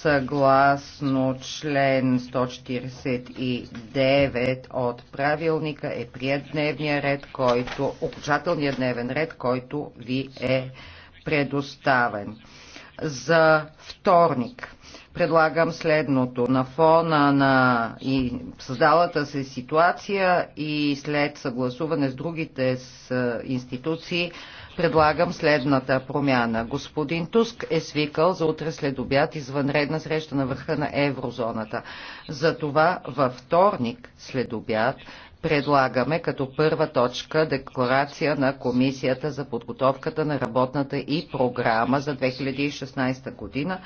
съгласно член 149 от правилника е прият дневния ред, който, окончателният дневен ред, който ви е предоставен. За вторник предлагам следното. На фона на и създалата се ситуация и след съгласуване с другите с институции, предлагам следната промяна. Господин Туск е свикал за утре след обяд извънредна среща на върха на еврозоната. Затова във вторник след обяд предлагаме като първа точка декларация на Комисията за подготовката на работната и програма за 2016 година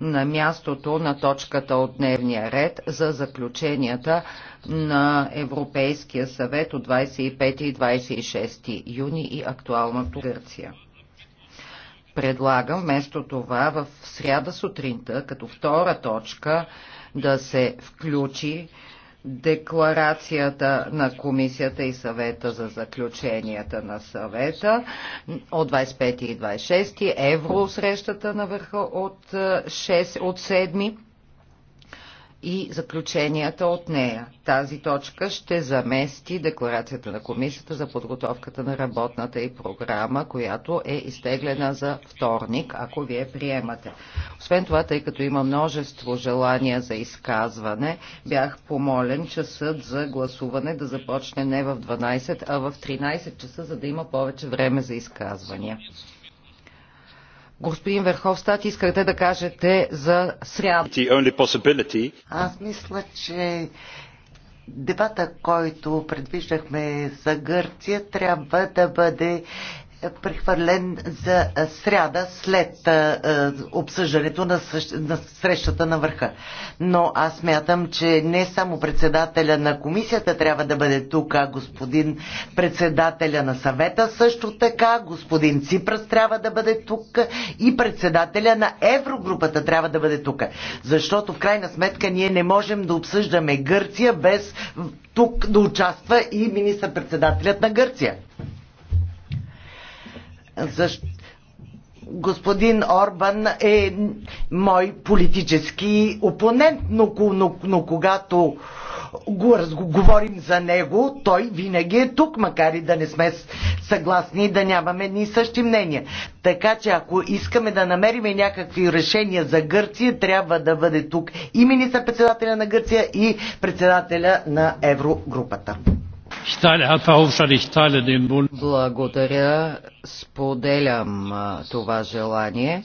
на мястото на точката от дневния ред за заключенията на Европейския съвет от 25 и 26 юни и актуалното Гърция. Предлагам вместо това в сряда сутринта като втора точка да се включи декларацията на комисията и съвета за заключенията на съвета от 25 и 26 евро срещата на върха от, 6, е, от 7 и заключенията от нея. Тази точка ще замести декларацията на комисията за подготовката на работната и програма, която е изтеглена за вторник, ако вие приемате. Освен това, тъй като има множество желания за изказване, бях помолен часът за гласуване да започне не в 12, а в 13 часа, за да има повече време за изказвания. Господин Верховстат, искахте да кажете за сряда. Аз мисля, че дебата, който предвиждахме за Гърция, трябва да бъде прехвърлен за сряда след обсъждането на, срещата на върха. Но аз мятам, че не само председателя на комисията трябва да бъде тук, а господин председателя на съвета също така, господин Ципрас трябва да бъде тук и председателя на Еврогрупата трябва да бъде тук. Защото в крайна сметка ние не можем да обсъждаме Гърция без тук да участва и министър-председателят на Гърция. Защо? господин Орбан е мой политически опонент, но, но, но когато го разговорим за него, той винаги е тук, макар и да не сме съгласни и да нямаме ни същи мнения. Така че ако искаме да намерим някакви решения за Гърция, трябва да бъде тук и министър-председателя на Гърция, и председателя на Еврогрупата. Благодаря, споделям това желание.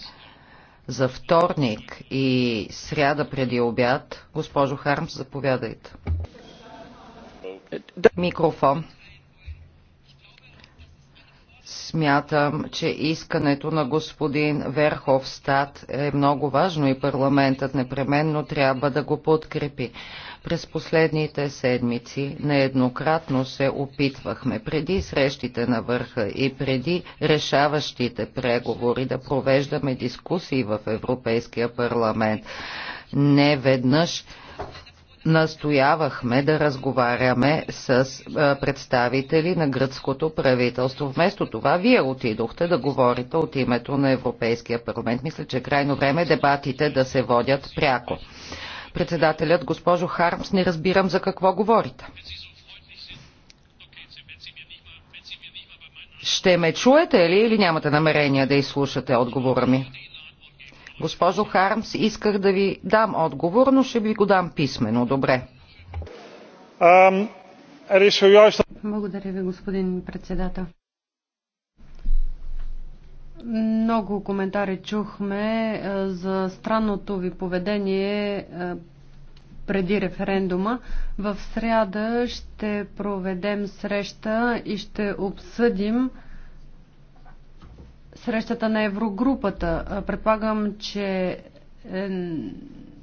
За вторник и сряда преди обяд, госпожо Хармс, заповядайте. Микрофон. Смятам, че искането на господин Верховстат е много важно и парламентът непременно трябва да го подкрепи. През последните седмици нееднократно се опитвахме преди срещите на върха и преди решаващите преговори да провеждаме дискусии в Европейския парламент. Не веднъж настоявахме да разговаряме с представители на гръцкото правителство. Вместо това, вие отидохте да говорите от името на Европейския парламент. Мисля, че е крайно време дебатите да се водят пряко. Председателят, госпожо Хармс, не разбирам за какво говорите. Ще ме чуете ли или нямате намерение да изслушате отговора ми? Госпожо Хармс, исках да ви дам отговор, но ще ви го дам писменно. Добре. Благодаря ви, господин председател. Много коментари чухме е, за странното ви поведение е, преди референдума. В сряда ще проведем среща и ще обсъдим срещата на Еврогрупата. Е, предполагам, че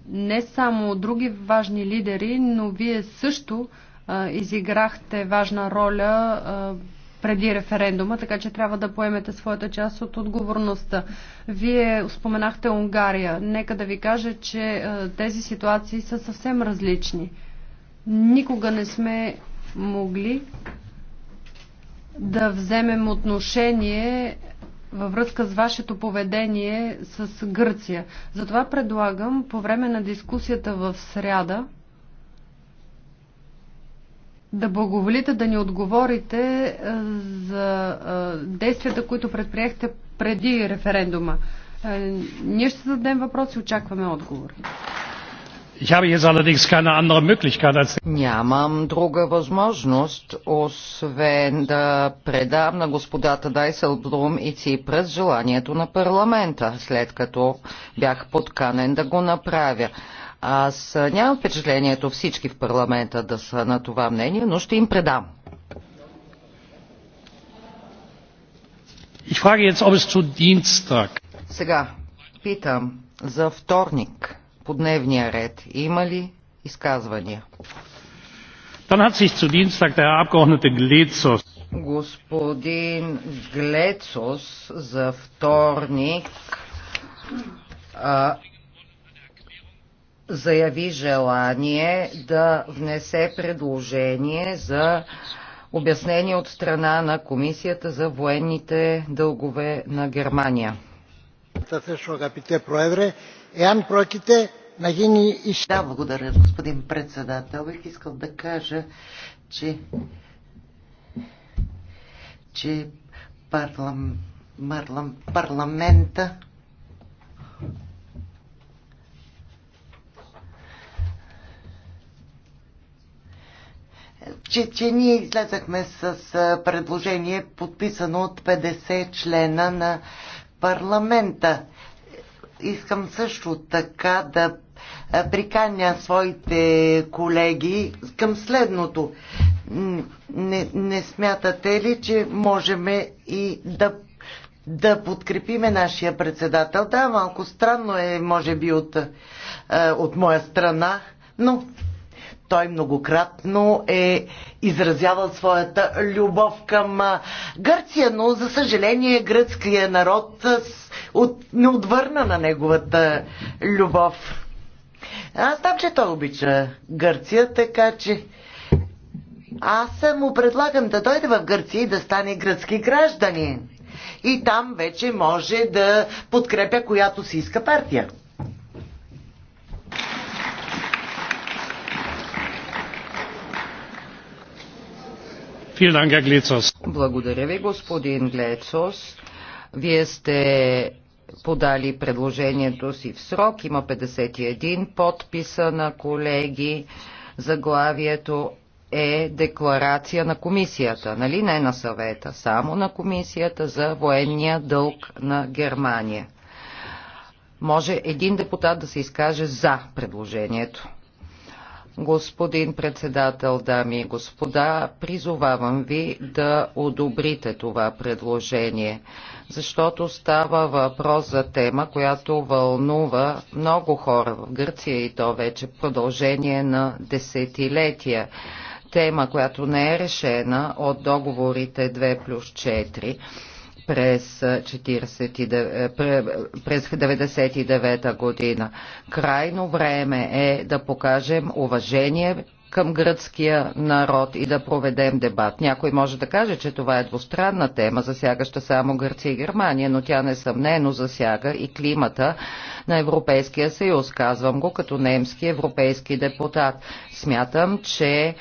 не само други важни лидери, но вие също изиграхте важна роля преди референдума, така че трябва да поемете своята част от отговорността. Вие споменахте Унгария. Нека да ви кажа, че е, тези ситуации са съвсем различни. Никога не сме могли да вземем отношение във връзка с вашето поведение с Гърция. Затова предлагам по време на дискусията в сряда да благоволите да ни отговорите е, за е, действията, които предприехте преди референдума. Е, ние ще зададем въпрос и очакваме отговор. Нямам друга възможност, освен да предам на господата Брум и Ципрес желанието на парламента, след като бях подканен да го направя. Аз нямам впечатлението всички в парламента да са на това мнение, но ще им предам. Сега питам за вторник по дневния ред. Има ли изказвания? Dann hat sich zu Dienstag der Abgeordnete Glezos... Господин Глецос за вторник а, заяви желание да внесе предложение за обяснение от страна на Комисията за военните дългове на Германия. Да, благодаря, господин председател. Бих искал да кажа, че, че парлам, парлам, парламента че, че ние излезахме с предложение, подписано от 50 члена на парламента. Искам също така да приканя своите колеги към следното. Не, не смятате ли, че можем и да, да подкрепиме нашия председател? Да, малко странно е, може би, от, от моя страна, но той многократно е изразявал своята любов към Гърция, но за съжаление гръцкият народ от, не отвърна на неговата любов. Аз знам, че той обича Гърция, така че аз му предлагам да дойде в Гърция и да стане гръцки гражданин. И там вече може да подкрепя която си иска партия. Благодаря ви, господин Глецос. Вие сте подали предложението си в срок. Има 51 подписа на колеги. Заглавието е декларация на комисията, нали не на съвета, само на комисията за военния дълг на Германия. Може един депутат да се изкаже за предложението. Господин председател, дами и господа, призовавам ви да одобрите това предложение, защото става въпрос за тема, която вълнува много хора в Гърция и то вече продължение на десетилетия. Тема, която не е решена от договорите 2 плюс 4 през 1999 година. Крайно време е да покажем уважение към гръцкия народ и да проведем дебат. Някой може да каже, че това е двустранна тема, засягаща само Гърция и Германия, но тя несъмнено засяга и климата на Европейския съюз. Казвам го като немски европейски депутат. Смятам, че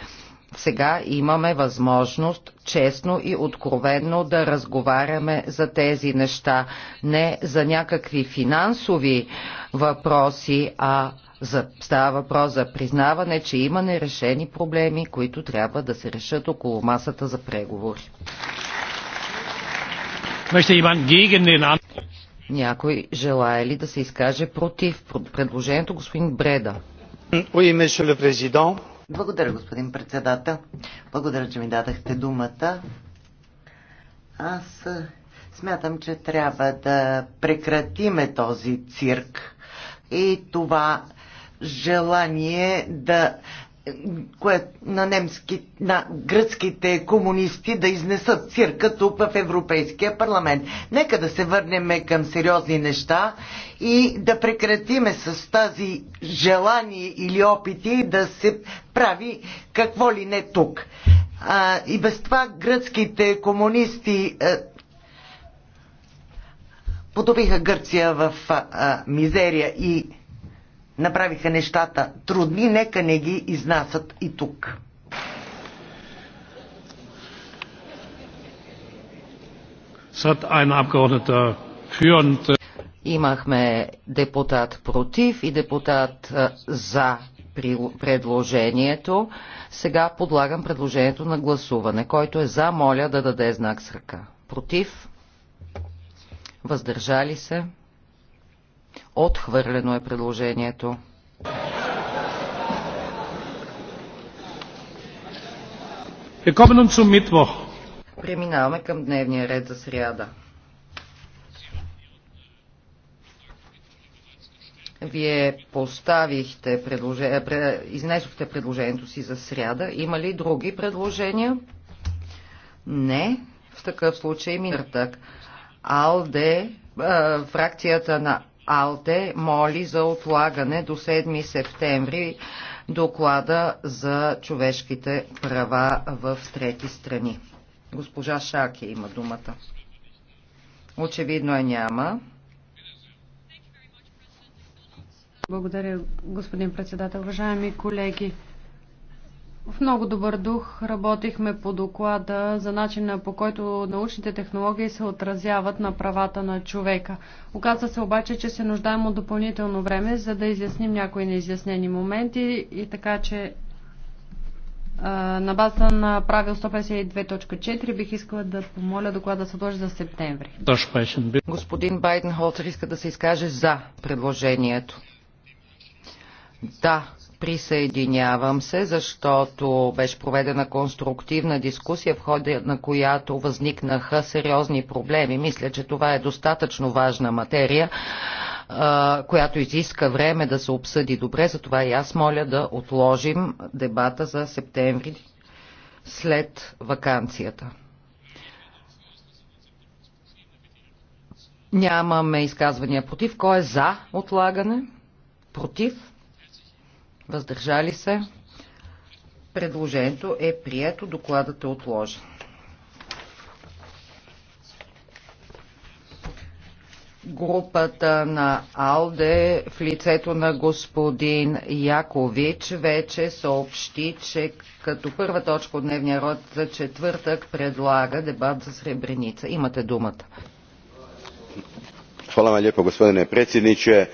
сега имаме възможност честно и откровенно да разговаряме за тези неща. Не за някакви финансови въпроси, а за, става въпрос за признаване, че има нерешени проблеми, които трябва да се решат около масата за преговори. Някой желая ли да се изкаже против предложението господин Бреда? Oui, благодаря, господин председател. Благодаря, че ми дадахте думата. Аз смятам, че трябва да прекратиме този цирк и това желание да кое, на, немски, на гръцките комунисти да изнесат цирка тук в Европейския парламент. Нека да се върнем към сериозни неща и да прекратиме с тази желание или опити да се прави какво ли не тук. А, и без това гръцките комунисти а, потопиха Гърция в а, мизерия и направиха нещата трудни, нека не ги изнасят и тук. Äh, Имахме депутат против и депутат е, за предложението. Сега подлагам предложението на гласуване. Който е за, моля да даде знак с ръка. Против? Въздържали се? Отхвърлено е предложението. Преминаваме към дневния ред за сряда. Вие поставихте предложение, изнесохте предложението си за сряда. Има ли други предложения? Не. В такъв случай минъртък. Алде, фракцията на Алте, моли за отлагане до 7 септември доклада за човешките права в трети страни. Госпожа Шаки, има думата. Очевидно е няма. Благодаря, господин председател. Уважаеми колеги, в много добър дух работихме по доклада за начина по който научните технологии се отразяват на правата на човека. Оказва се обаче, че се нуждаем от допълнително време, за да изясним някои неизяснени моменти и така, че на база на правил 152.4 бих искала да помоля доклада да се отложи за септември. Господин Байден Холцер иска да се изкаже за предложението. Да, Присъединявам се, защото беше проведена конструктивна дискусия, в хода на която възникнаха сериозни проблеми. Мисля, че това е достатъчно важна материя, която изиска време да се обсъди добре. Затова и аз моля да отложим дебата за септември след вакансията. Нямаме изказвания против. Кой е за отлагане? Против? въздържали се. Предложението е прието, докладът е отложен. групата на Алде в лицето на господин Якович вече съобщи, че като първа точка от дневния род за четвъртък предлага дебат за Сребреница. Имате думата. Hvala vam lijepo gospodine predsjedniče.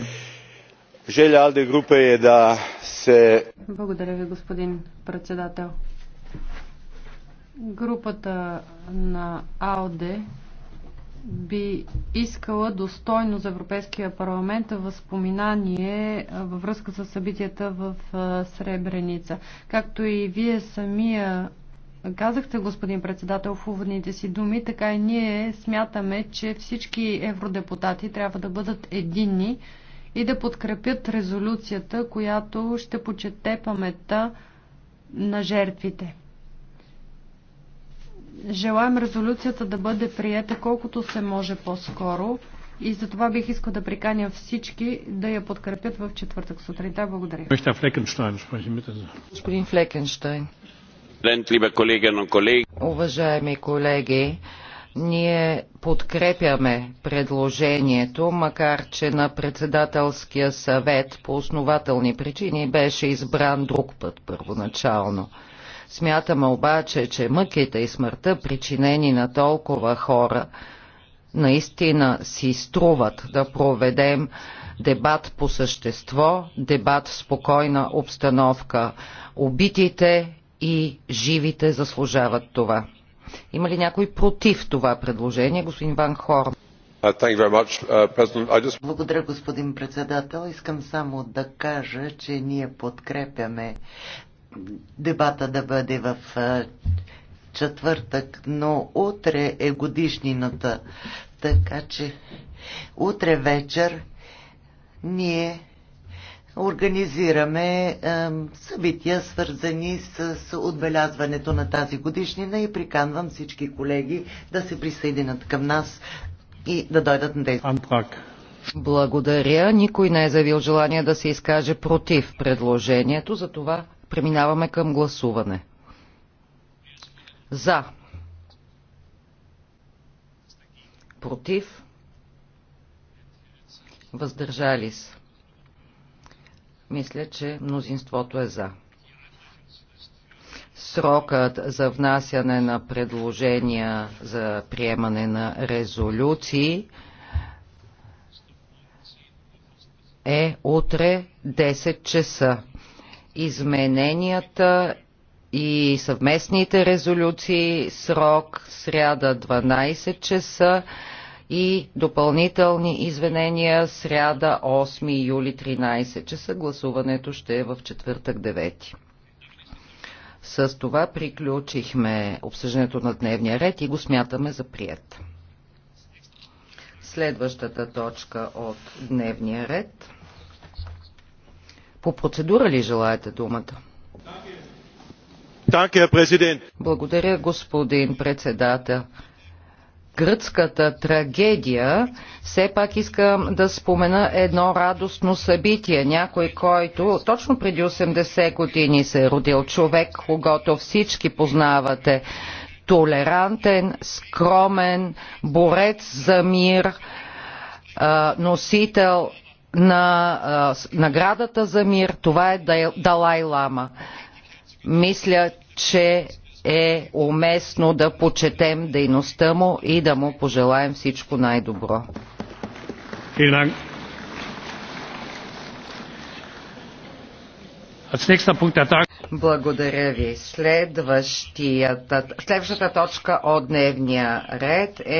Želja Alde grupe je da се... Благодаря ви, господин председател. Групата на АОДЕ би искала достойно за Европейския парламент възпоминание във връзка с събитията в Сребреница. Както и вие самия казахте, господин председател, в уводните си думи, така и ние смятаме, че всички евродепутати трябва да бъдат единни и да подкрепят резолюцията, която ще почете паметта на жертвите. Желаем резолюцията да бъде приета колкото се може по-скоро и за това бих искал да приканя всички да я подкрепят в четвъртък сутринта. Благодаря. Господин Флекенштайн. Уважаеми колеги, ние подкрепяме предложението, макар че на председателския съвет по основателни причини беше избран друг път първоначално. Смятаме обаче, че мъките и смъртта, причинени на толкова хора, наистина си струват да проведем дебат по същество, дебат в спокойна обстановка. Убитите и живите заслужават това. Има ли някой против това предложение? Господин Ван Хорн. Uh, uh, Благодаря, господин председател. Искам само да кажа, че ние подкрепяме дебата да бъде в четвъртък, но утре е годишнината. Така че утре вечер ние организираме събития, свързани с отбелязването на тази годишнина и приканвам всички колеги да се присъединят към нас и да дойдат на действие. Благодаря. Никой не е заявил желание да се изкаже против предложението, затова преминаваме към гласуване. За. Против. Въздържали се. Мисля, че мнозинството е за. Срокът за внасяне на предложения за приемане на резолюции е утре 10 часа. Измененията и съвместните резолюции срок сряда 12 часа и допълнителни извинения сряда 8 юли 13 часа. Гласуването ще е в четвъртък 9. С това приключихме обсъждането на дневния ред и го смятаме за прият. Следващата точка от дневния ред. По процедура ли желаете думата? Благодаря, господин председател гръцката трагедия, все пак искам да спомена едно радостно събитие. Някой, който точно преди 80 години се е родил човек, когато всички познавате. Толерантен, скромен, борец за мир, носител на наградата за мир. Това е Далай Лама. Мисля, че е уместно да почетем дейността му и да му пожелаем всичко най-добро. Благодаря ви. Следващата точка от дневния ред е